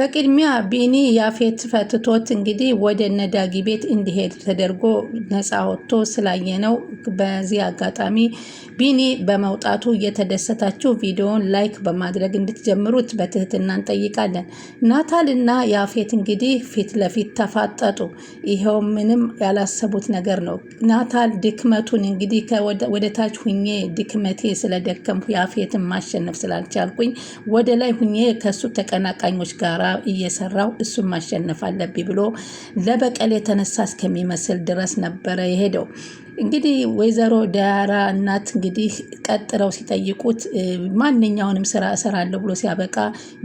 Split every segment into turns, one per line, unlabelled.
በቅድሚያ ቢኒ ያፌት ፈትቶት እንግዲህ ወደ ነዳጊ ቤት እንዲሄድ ተደርጎ ነፃ ወጥቶ ስላየ ነው። በዚህ አጋጣሚ ቢኒ በመውጣቱ እየተደሰታችሁ ቪዲዮውን ላይክ በማድረግ እንድትጀምሩት በትህትና እንጠይቃለን። ናታልና ያፌት እንግዲህ ፊት ለፊት ተፋጠጡ። ይኸው ምንም ያላሰቡት ነገር ነው። ናታል ድክመቱን እንግዲህ ወደ ታች ሁኜ ድክመቴ ስለደከምኩ ያፌትን ማሸነፍ ስላልቻልኩኝ ወደ ላይ ሁኜ ከሱ ተቀናቃኞች ጋር ። እየሰራው እሱን ማሸነፍ አለብኝ ብሎ ለበቀል የተነሳ እስከሚመስል ድረስ ነበረ የሄደው። እንግዲህ ወይዘሮ ዳያራ እናት እንግዲህ ቀጥረው ሲጠይቁት ማንኛውንም ስራ እሰራለሁ ብሎ ሲያበቃ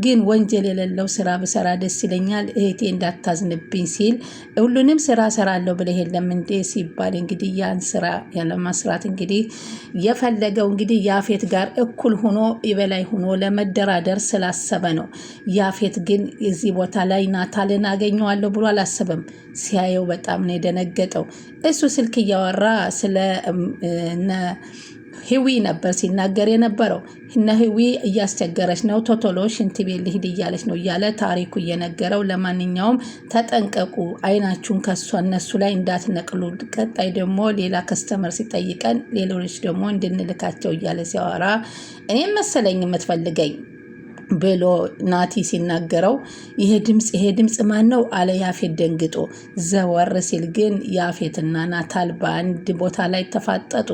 ግን ወንጀል የሌለው ስራ ብሰራ ደስ ይለኛል እህቴ እንዳታዝንብኝ ሲል ሁሉንም ስራ እሰራለሁ ብለህ የለም እንዴ ሲባል እንግዲህ ያን ስራ ያለማስራት እንግዲህ የፈለገው እንግዲህ ያፌት ጋር እኩል ሆኖ የበላይ ሆኖ ለመደራደር ስላሰበ ነው። ያፌት ግን እዚህ ቦታ ላይ ናታልን አገኘዋለሁ ብሎ አላሰበም። ሲያየው በጣም ነው የደነገጠው። እሱ ስልክ እያወራ ስለ ህዊ ነበር ሲናገር የነበረው። እነ ህዊ እያስቸገረች ነው፣ ቶቶሎ ሽንት ቤት ልሂድ እያለች ነው እያለ ታሪኩ እየነገረው፣ ለማንኛውም ተጠንቀቁ፣ አይናችሁን ከሷ እነሱ ላይ እንዳትነቅሉ፣ ቀጣይ ደግሞ ሌላ ከስተመር ሲጠይቀን ሌሎች ደግሞ እንድንልካቸው እያለ ሲያወራ እኔም መሰለኝ የምትፈልገኝ ብሎ ናቲ ሲናገረው ይሄ ድምፅ ይሄ ድምፅ ማን ነው አለ ያፌት ደንግጦ። ዘወር ሲል ግን ያፌትና ናታል በአንድ ቦታ ላይ ተፋጠጡ።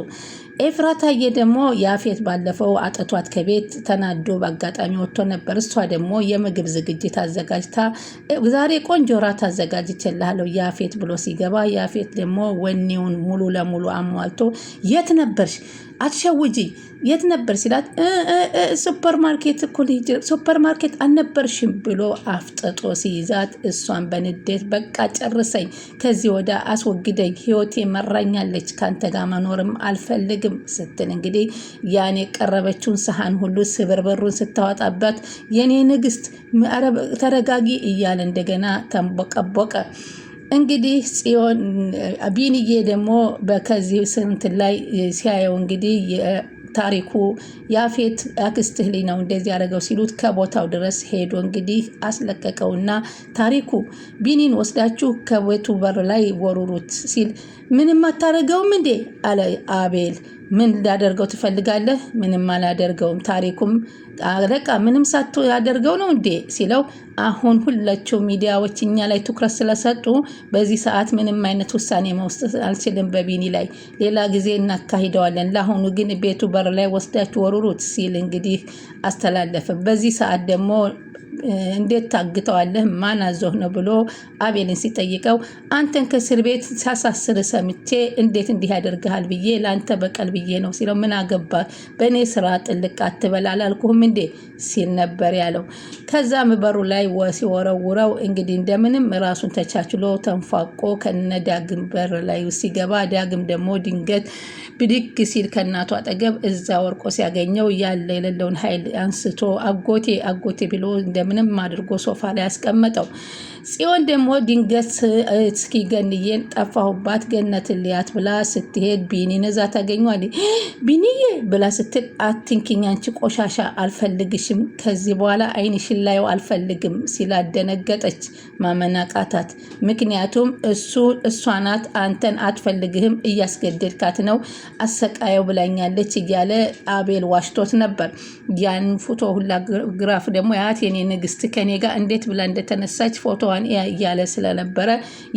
ኤፍራታዬ ደግሞ ያፌት ባለፈው አጠቷት ከቤት ተናዶ በአጋጣሚ ወጥቶ ነበር። እሷ ደግሞ የምግብ ዝግጅት አዘጋጅታ ዛሬ ቆንጆ ራት አዘጋጅቼልሃለሁ ያፌት ብሎ ሲገባ ያፌት ደግሞ ወኔውን ሙሉ ለሙሉ አሟልቶ የት ነበርሽ አትሸውጂ የት ነበር ሲላት ሱፐርማርኬት እኮ ልሂድ ሱፐርማርኬት አልነበርሽም ብሎ አፍጥጦ ሲይዛት እሷን በንዴት በቃ ጨርሰኝ፣ ከዚህ ወደ አስወግደኝ፣ ህይወቴ መራኛለች፣ ከአንተ ጋር መኖርም አልፈልግም ስትል እንግዲህ ያን የቀረበችውን ሰሃን ሁሉ ስብርብሩን ስታወጣበት የኔ ንግስት ተረጋጊ እያለ እንደገና ተንቦቀቦቀ። እንግዲህ ጽዮን ቢንዬ ደግሞ በከዚህ ስንት ላይ ሲያየው እንግዲህ ታሪኩ ያፌት አክስትህ ልጅ ነው እንደዚህ ያደረገው ሲሉት ከቦታው ድረስ ሄዶ እንግዲህ አስለቀቀውና ታሪኩ ቢኒን ወስዳችሁ ከቤቱ በር ላይ ወሩሩት ሲል ምንም አታደርገውም እንዴ አለ አቤል። ምን ላደርገው ትፈልጋለህ? ምንም አላደርገውም። ታሪኩም በቃ ምንም ሳቶ ያደርገው ነው እንዴ ሲለው፣ አሁን ሁላቸው ሚዲያዎች እኛ ላይ ትኩረት ስለሰጡ በዚህ ሰዓት ምንም አይነት ውሳኔ መውሰድ አልችልም በቢኒ ላይ ሌላ ጊዜ እናካሂደዋለን። ለአሁኑ ግን ቤቱ በር ላይ ወስዳችሁ ወሩሩት ሲል እንግዲህ አስተላለፍም። በዚህ ሰዓት ደግሞ እንዴት ታግተዋለህ? ማን አዞህ ነው ብሎ አቤልን ሲጠይቀው አንተን ከእስር ቤት ሳሳስር ሰምቼ እንዴት እንዲህ ያደርግሃል ብዬ ለአንተ በቀል ብዬ ነው ሲለው ምን አገባ በእኔ ስራ ጥልቅ አትበል አላልኩህም እንዴ ሲል ነበር ያለው። ከዛ በሩ ላይ ሲወረውረው እንግዲህ እንደምንም ራሱን ተቻችሎ ተንፏቆ ከነ ዳግም በር ላይ ሲገባ ዳግም ደግሞ ድንገት ብድግ ሲል ከእናቱ አጠገብ እዛ ወርቆ ሲያገኘው ያለ የሌለውን ኃይል አንስቶ አጎቴ አጎቴ ብሎ እንደ ምንም አድርጎ ሶፋ ላይ ያስቀመጠው ጽዮን ደግሞ ድንገት እስኪ ገንዬን ጠፋሁባት ገነት ልያት ብላ ስትሄድ ቢኒን እዛ ታገኘዋለች። ቢኒዬ ብላ ስትል አትንኪኝ አንቺ ቆሻሻ አልፈልግሽም፣ ከዚህ በኋላ ዓይንሽን ላየው አልፈልግም ሲላደነገጠች ማመናቃታት ምክንያቱም እሱ እሷናት አንተን አትፈልግህም እያስገደድካት ነው አሰቃየው ብላኛለች እያለ አቤል ዋሽቶት ነበር። ያን ፎቶ ሁላ ግራፍ ደግሞ ያት የኔ ንግስት ከኔ ጋር እንዴት ብላ እንደተነሳች ፎቶ ፊቷን እያለ ስለነበረ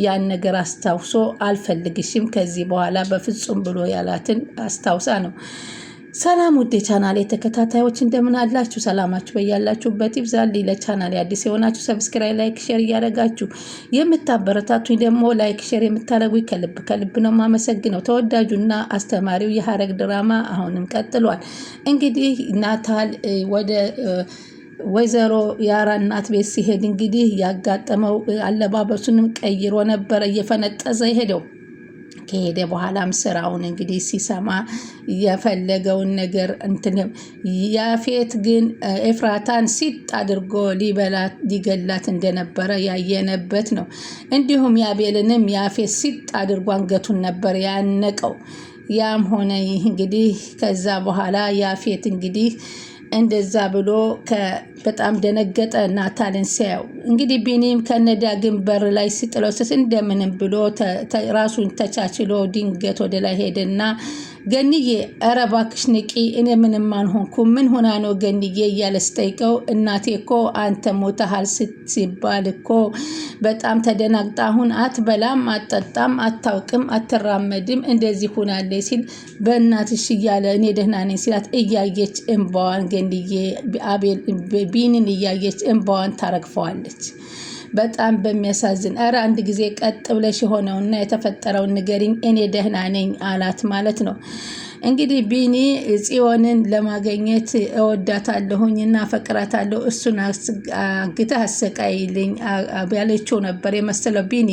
ያን ነገር አስታውሶ አልፈልግሽም ከዚህ በኋላ በፍጹም ብሎ ያላትን አስታውሳ ነው። ሰላም ውድ የቻናል የተከታታዮች እንደምን አላችሁ? ሰላማችሁ በያላችሁበት ይብዛል። ለቻናል አዲስ የሆናችሁ ሰብስክራይ፣ ላይክ፣ ሼር እያደረጋችሁ የምታበረታቱኝ ደግሞ ላይክ ሼር የምታደረጉ ከልብ ከልብ ነው የማመሰግነው። ተወዳጁና አስተማሪው የሐረግ ድራማ አሁንም ቀጥሏል። እንግዲህ ናታል ወደ ወይዘሮ ያራ እናት ቤት ሲሄድ እንግዲህ ያጋጠመው አለባበሱንም ቀይሮ ነበረ እየፈነጠዘ ይሄደው ከሄደ በኋላም ስራውን እንግዲህ ሲሰማ የፈለገውን ነገር እንትንም ያፌት ግን ኤፍራታን ሲጥ አድርጎ ሊበላት ሊገላት እንደነበረ ያየነበት ነው። እንዲሁም ያቤልንም ያፌት ሲጥ አድርጎ አንገቱን ነበር ያነቀው። ያም ሆነ ይህ እንግዲህ ከዛ በኋላ ያፌት እንግዲህ እንደዛ ብሎ በጣም ደነገጠ። ናታልን ሲያየው እንግዲህ ቢኒም ከነዳግም በር ላይ ሲጥለው ስስ እንደምንም ብሎ ራሱን ተቻችሎ ድንገት ወደ ላይ ሄደና ገንዬ ኧረ እባክሽ ንቂ፣ እኔ ምንም አልሆንኩም፣ ምን ሆና ነው ገንዬ እያለ ስጠይቀው እናቴ እኮ አንተ ሞተሃል ስትባል እኮ በጣም ተደናግጣ አሁን አትበላም፣ አትጠጣም፣ አታውቅም፣ አትራመድም እንደዚህ ሆናለች ሲል በእናትሽ እያለ እኔ ደህና ነኝ ሲላት እያየች እንባዋን ገንዬ ቢኒን እያየች እንባዋን ታረግፈዋለች። በጣም በሚያሳዝን እረ አንድ ጊዜ ቀጥ ብለሽ የሆነውና የተፈጠረውን ንገሪኝ፣ እኔ ደህና ነኝ አላት ማለት ነው። እንግዲህ ቢኒ ጽዮንን ለማገኘት እወዳታለሁኝ እና ፈቅራታለሁ እሱን አግተህ አሰቃይልኝ ያለችው ነበር የመሰለው ቢኒ።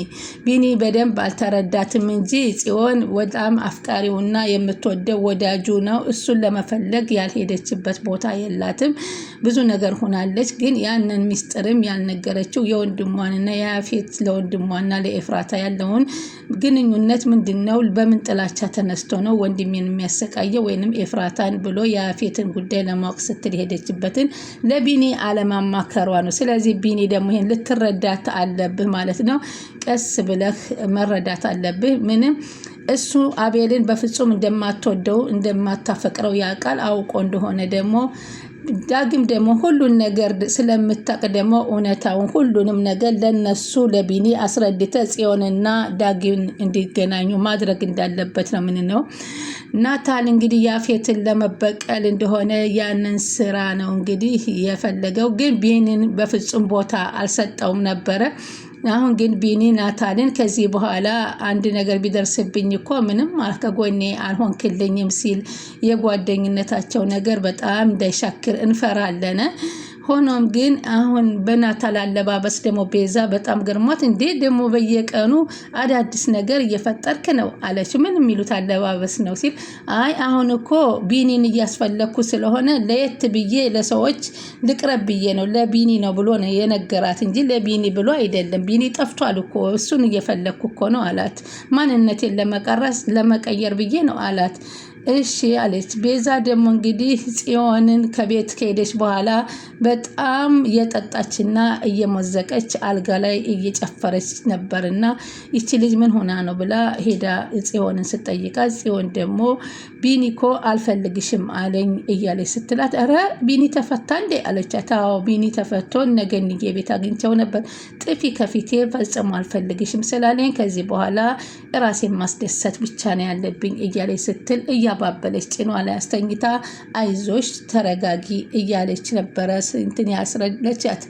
ቢኒ በደንብ አልተረዳትም እንጂ ጽዮን በጣም አፍቃሪውና የምትወደው ወዳጁ ነው። እሱን ለመፈለግ ያልሄደችበት ቦታ የላትም። ብዙ ነገር ሆናለች። ግን ያንን ሚስጥርም ያልነገረችው የወንድሟንና የያፌት ለወንድሟና ለኤፍራታ ያለውን ግንኙነት ምንድን ነው? በምን ጥላቻ ተነስቶ ነው ወንድሜን የሚያስ ስትሰቃየው ወይንም ኤፍራታን ብሎ የአፌትን ጉዳይ ለማወቅ ስትል የሄደችበትን ለቢኒ አለማማከሯ ነው። ስለዚህ ቢኒ ደግሞ ይሄን ልትረዳት አለብህ ማለት ነው። ቀስ ብለህ መረዳት አለብህ ምንም እሱ አቤልን በፍጹም እንደማትወደው እንደማታፈቅረው ያውቃል። አውቆ እንደሆነ ደግሞ ዳግም ደግሞ ሁሉን ነገር ስለምታቅ ደግሞ እውነታውን ሁሉንም ነገር ለነሱ ለቢኒ አስረድተ ጽዮንና ዳግም እንዲገናኙ ማድረግ እንዳለበት ነው። ምን ነው ናታል እንግዲህ ያፌትን ለመበቀል እንደሆነ ያንን ስራ ነው እንግዲህ የፈለገው፣ ግን ቢኒን በፍጹም ቦታ አልሰጠውም ነበረ። አሁን ግን ቢኒ ናታንን ከዚህ በኋላ አንድ ነገር ቢደርስብኝ እኮ ምንም ከጎኔ አልሆንክልኝም ሲል የጓደኝነታቸው ነገር በጣም እንዳይሻክር እንፈራለን ሆኖም ግን አሁን በናታል አለባበስ ደግሞ ቤዛ በጣም ገርሟት፣ እንዴ ደግሞ በየቀኑ አዳዲስ ነገር እየፈጠርክ ነው አለች። ምን የሚሉት አለባበስ ነው ሲል፣ አይ አሁን እኮ ቢኒን እያስፈለግኩ ስለሆነ ለየት ብዬ ለሰዎች ልቅረብ ብዬ ነው ለቢኒ ነው ብሎ ነው የነገራት እንጂ ለቢኒ ብሎ አይደለም። ቢኒ ጠፍቷል እኮ እሱን እየፈለግኩ እኮ ነው አላት። ማንነቴን ለመቀረስ ለመቀየር ብዬ ነው አላት። እሺ አለች። ቤዛ ደግሞ እንግዲህ ጽዮንን ከቤት ከሄደች በኋላ በጣም እየጠጣችና እየሞዘቀች አልጋ ላይ እየጨፈረች ነበርና ይቺ ልጅ ምን ሆና ነው ብላ ሄዳ ጽዮንን ስጠይቃት፣ ጽዮን ደግሞ ቢኒኮ አልፈልግሽም አለኝ እያለች ስትላት፣ ኧረ ቢኒ ተፈታ እንዴ አለቻት። አዎ ቢኒ ተፈቶ ነገ ንጌ ቤት አግኝቸው ነበር ጥፊ ከፊቴ ፈጽሞ አልፈልግሽም ስላለኝ ከዚህ በኋላ ራሴን ማስደሰት ብቻ ነው ያለብኝ እያለች ስትል እያባበለች ጭኗ ላይ አስተኝታ አይዞሽ ተረጋጊ እያለች ነበረ እንትን ያስረለቻት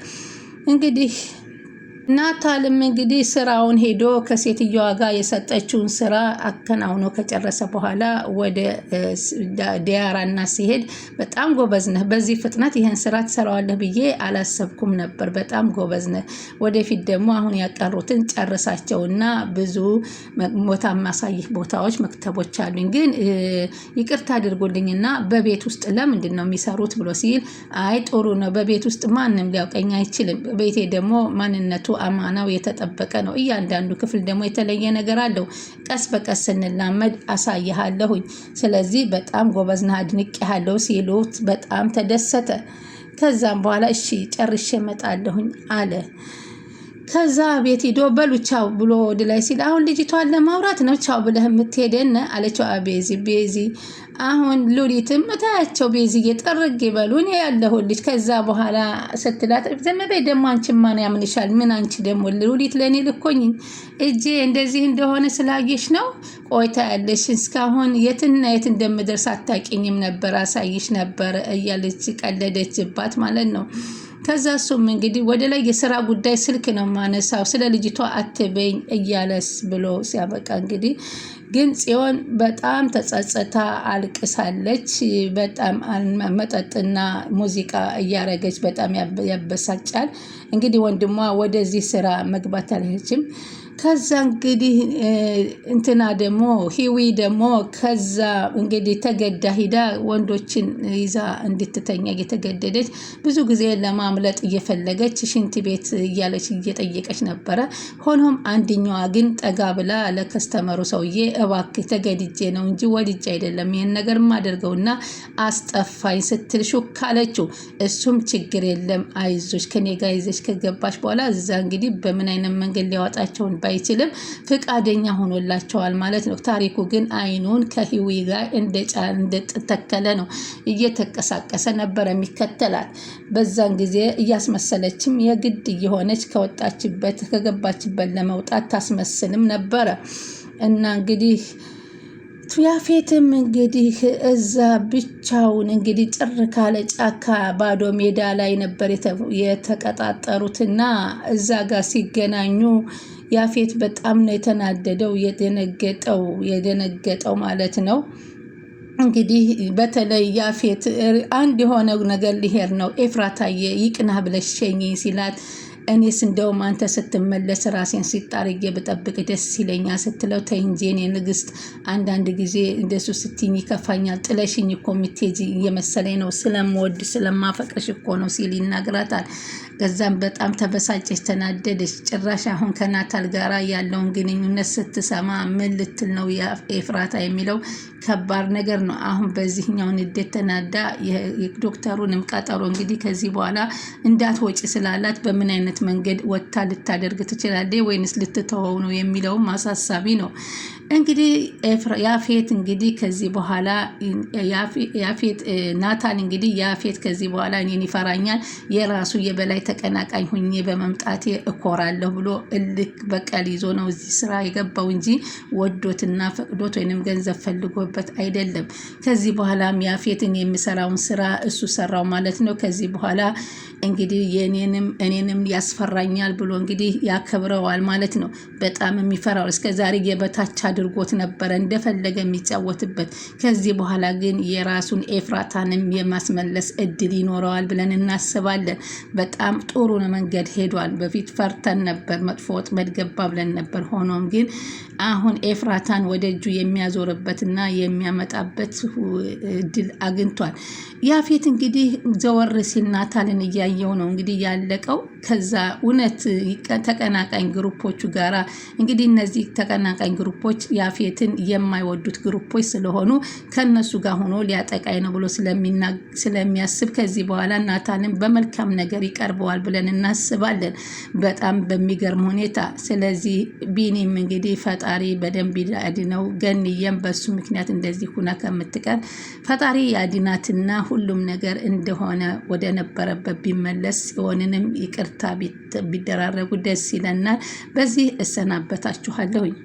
እንግዲህ ናታልም እንግዲህ ስራውን ሄዶ ከሴትዮዋ ጋር የሰጠችውን ስራ አከናውኖ ከጨረሰ በኋላ ወደ ዲያራና ሲሄድ በጣም ጎበዝ ነህ፣ በዚህ ፍጥነት ይህን ስራ ትሰራዋለህ ብዬ አላሰብኩም ነበር። በጣም ጎበዝ ነህ። ወደፊት ደግሞ አሁን ያቀሩትን ጨርሳቸውና ብዙ ቦታ ማሳይህ ቦታዎች፣ መክተቦች አሉኝ። ግን ይቅርታ አድርጎልኝና በቤት ውስጥ ለምንድን ነው የሚሰሩት ብሎ ሲል አይ ጥሩ ነው፣ በቤት ውስጥ ማንም ሊያውቀኝ አይችልም። ቤቴ ደግሞ ማንነቱ አማናው የተጠበቀ ነው። እያንዳንዱ ክፍል ደግሞ የተለየ ነገር አለው። ቀስ በቀስ ስንላመድ አሳይሃለሁኝ። ስለዚህ በጣም ጎበዝና አድንቄሃለሁ ሲሉት በጣም ተደሰተ። ከዛም በኋላ እሺ ጨርሼ እመጣለሁኝ አለ። ከዛ ቤት ሂዶ በሉ ቻው ብሎ ወደ ላይ ሲል አሁን ልጅቷን ለማውራት ነው ቻው ብለህ የምትሄደን አለችው። አቤዚ ቤዚ አሁን ሉሊትም እታያቸው ቤዚ እየጠረግ ይበሉን ያለሁልሽ ከዛ በኋላ ስትላት ዝም በይ ደግሞ አንቺ ማን ያምንሻል? ምን አንቺ ደግሞ ሉሊት ለእኔ ልኮኝ እጄ እንደዚህ እንደሆነ ስላየሽ ነው ቆይታ ያለሽ እስካሁን የትና የት እንደምደርስ አታቂኝም ነበር አሳይሽ ነበር እያለች ቀለደችባት ማለት ነው። ከዛ እሱም እንግዲህ ወደ ላይ የስራ ጉዳይ ስልክ ነው ማነሳው ስለ ልጅቷ አትበኝ እያለስ ብሎ ሲያበቃ እንግዲህ ግን ጽዮን በጣም ተጸጽታ አልቅሳለች። በጣም መጠጥና ሙዚቃ እያረገች በጣም ያበሳጫል። እንግዲህ ወንድሟ ወደዚህ ስራ መግባት አልችም ከዛ እንግዲህ እንትና ደግሞ ሂዊ ደግሞ ከዛ እንግዲህ ተገዳ ሂዳ ወንዶችን ይዛ እንድትተኛ እየተገደደች ብዙ ጊዜ ለማምለጥ እየፈለገች ሽንት ቤት እያለች እየጠየቀች ነበረ። ሆኖም አንድኛዋ ግን ጠጋ ብላ ለከስተመሩ ሰውዬ እባክ ተገድጄ ነው እንጂ ወድጄ አይደለም ይህን ነገር ማደርገውና አስጠፋኝ ስትል ሹክ አለችው። እሱም ችግር የለም አይዞች ከኔ ጋር ይዘሽ ከገባሽ በኋላ እዛ እንግዲህ በምን አይነት መንገድ ሊያወጣቸውን አይችልም ፍቃደኛ ሆኖላቸዋል ማለት ነው። ታሪኩ ግን አይኑን ከህዊ ጋር እንደተከለ ነው እየተንቀሳቀሰ ነበረ የሚከተላት። በዛን ጊዜ እያስመሰለችም የግድ እየሆነች ከወጣችበት ከገባችበት ለመውጣት ታስመስልም ነበረ እና እንግዲህ ያፌትም እንግዲህ እዛ ብቻውን እንግዲህ ጭር ካለ ጫካ ባዶ ሜዳ ላይ ነበር የተቀጣጠሩትና እዛ ጋር ሲገናኙ ያፌት በጣም ነው የተናደደው የደነገጠው የደነገጠው ማለት ነው። እንግዲህ በተለይ ያፌት አንድ የሆነ ነገር ሊሄድ ነው ኤፍራታዬ ይቅና ብለሽ ሸኚ ሲላት እኔስ እንደውም አንተ ስትመለስ ራሴን ሲጣርጌ ብጠብቅ ደስ ይለኛ ስትለው ተይ እንጂ የኔ ንግስት፣ አንዳንድ ጊዜ እንደሱ ስትኝ ይከፋኛል። ጥለሽኝ እኮ የምትሄጂ እየመሰለኝ ነው። ስለምወድ ስለማፈቅርሽ እኮ ነው ሲል ይናግራታል። ከዛም በጣም ተበሳጨች፣ ተናደደች። ጭራሽ አሁን ከናታል ጋራ ያለውን ግንኙነት ስትሰማ ምን ልትል ነው ኤፍራታ የሚለው ከባድ ነገር ነው። አሁን በዚህኛው ንዴት ተናዳ ዶክተሩንም ቀጠሮ እንግዲህ ከዚህ በኋላ እንዳትወጪ ስላላት በምን አይነት መንገድ ወታ ልታደርግ ትችላለች ወይንስ ልትተወው ነው የሚለውም አሳሳቢ ነው። እንግዲህ ያፌት እንግዲህ ከዚህ በኋላ ያፌት ናታን እንግዲህ ያፌት ከዚህ በኋላ እኔን ይፈራኛል የራሱ የበላይ ተቀናቃኝ ሁኜ በመምጣቴ እኮራለሁ ብሎ እልክ በቀል ይዞ ነው እዚህ ስራ የገባው እንጂ ወዶትና ፈቅዶት ወይንም ገንዘብ ፈልጎበት አይደለም። ከዚህ በኋላም ያፌትን የሚሰራውን ስራ እሱ ሰራው ማለት ነው። ከዚህ በኋላ እንግዲህ የኔንም እኔንም ያስ ያስፈራኛል ብሎ እንግዲህ ያከብረዋል ማለት ነው። በጣም የሚፈራው እስከ ዛሬ የበታች አድርጎት ነበረ እንደፈለገ የሚጫወትበት። ከዚህ በኋላ ግን የራሱን ኤፍራታንም የማስመለስ እድል ይኖረዋል ብለን እናስባለን። በጣም ጥሩ መንገድ ሄዷል። በፊት ፈርተን ነበር፣ መጥፎ ወጥመድ ገባ ብለን ነበር። ሆኖም ግን አሁን ኤፍራታን ወደ እጁ የሚያዞርበትና የሚያመጣበት እድል አግኝቷል። ያፌት እንግዲህ ዘወር ሲል ናታልን እያየው ነው እንግዲህ ያለቀው ከዛ እውነት ተቀናቃኝ ግሩፖቹ ጋራ እንግዲህ እነዚህ ተቀናቃኝ ግሩፖች ያፌትን የማይወዱት ግሩፖች ስለሆኑ ከነሱ ጋር ሆኖ ሊያጠቃኝ ነው ብሎ ስለሚያስብ ከዚህ በኋላ ናታንን በመልካም ነገር ይቀርበዋል ብለን እናስባለን። በጣም በሚገርም ሁኔታ ስለዚህ ቢኒም እንግዲህ ፈጣሪ በደንብ ያድነው። ገንየም በሱ ምክንያት እንደዚህ ሁና ከምትቀር ፈጣሪ ያድናትና ሁሉም ነገር እንደሆነ ወደ ነበረበት ቢመለስ ሲሆንንም ይቅርታ ቢደራረጉ ደስ ይለናል። በዚህ እሰናበታችኋለሁኝ።